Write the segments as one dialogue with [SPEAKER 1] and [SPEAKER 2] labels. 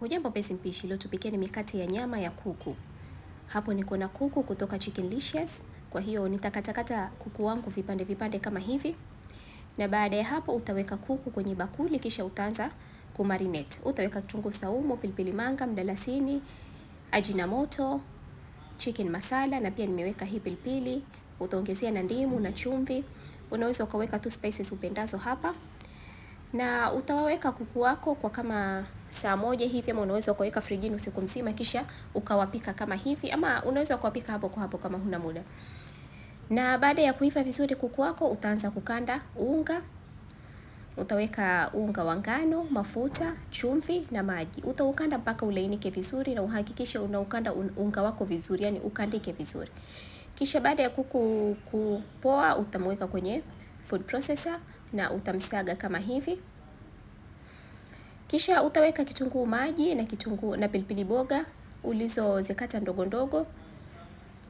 [SPEAKER 1] Hujambo mpenzi mpishi, leo tupikie ni mikate ya nyama ya kuku. Hapo niko na kuku kutoka Chickenlicious, kwa hiyo nitakatakata kuku wangu vipande vipande kama hivi. Na baada ya hapo utaweka kuku kwenye bakuli kisha utaanza kumarinate. Utaweka kitunguu saumu, pilipili manga, mdalasini, ajinamoto, chicken masala na pia nimeweka hii pilipili. Utaongezea na ndimu na chumvi. Unaweza ukaweka tu spices upendazo hapa. Na utawaweka kuku wako kwa kama saa moja hivi, ama unaweza ukaweka frijini usiku mzima kisha ukawapika kama hivi, ama unaweza ukawapika hapo kwa hapo kama huna muda. Na baada ya kuiva vizuri kuku wako, utaanza kukanda unga. Utaweka unga wa ngano, mafuta, chumvi na maji. Utaukanda mpaka ulainike vizuri, na uhakikishe unaukanda unga wako vizuri, yani ukandike vizuri. Kisha baada ya kuku kupoa, utamweka kwenye food processor na utamsaga kama hivi. Kisha utaweka kitunguu maji na kitunguu na pilipili boga ulizozikata ndogo ndogo,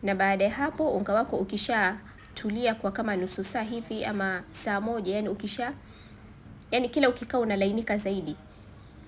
[SPEAKER 1] na baada ya hapo unga wako ukishatulia kwa kama nusu saa hivi ama saa moja, yani ukisha yani kila ukikaa unalainika zaidi,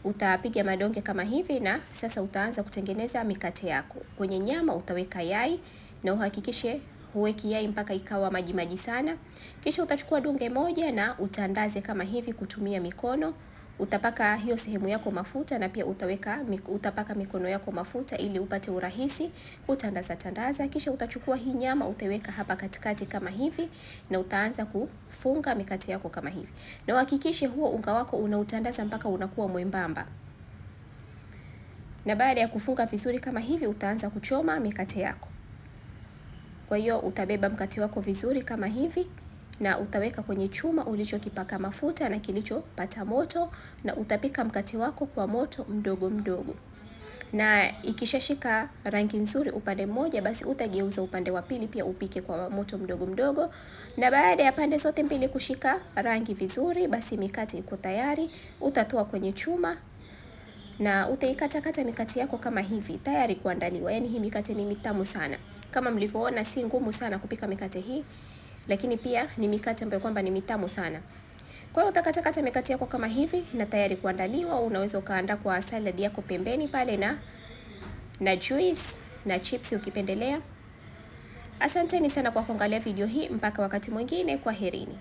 [SPEAKER 1] utapiga madonge kama hivi, na sasa utaanza kutengeneza mikate yako. Kwenye nyama utaweka yai na uhakikishe huweki yai mpaka ikawa maji maji sana. Kisha utachukua donge moja na utandaze kama hivi kutumia mikono utapaka hiyo sehemu yako mafuta na pia utaweka utapaka mikono yako mafuta ili upate urahisi. Utandaza tandaza, kisha utachukua hii nyama utaweka hapa katikati kama hivi, na utaanza kufunga mikate yako kama hivi, na uhakikishe huo unga wako unautandaza mpaka unakuwa mwembamba na baada ya kufunga vizuri kama hivi, utaanza kuchoma mikate yako. Kwa hiyo utabeba mkate wako vizuri kama hivi na utaweka kwenye chuma ulichokipaka mafuta na kilichopata moto, na utapika mkate wako kwa moto mdogo mdogo na ikishashika rangi nzuri upande mmoja, basi utageuza upande wa pili pia upike kwa moto mdogo mdogo. Na baada ya pande zote mbili kushika rangi vizuri, basi mikate iko tayari. Utatoa kwenye chuma na utaikatakata mikate yako kama hivi, tayari kuandaliwa. Yaani hii mikate ni mitamu sana, kama mlivyoona, si ngumu sana kupika mikate hii lakini pia ni mikate ambayo kwamba ni mitamu sana. Kwa hiyo utakatakata mikate yako kama hivi na tayari kuandaliwa. Unaweza ukaandaa kwa salad yako pembeni pale na na juice na chips ukipendelea. Asanteni sana kwa kuangalia video hii, mpaka wakati mwingine, kwa herini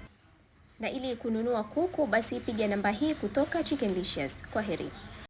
[SPEAKER 1] Na ili kununua kuku basi piga namba hii kutoka Chickenlicious. herini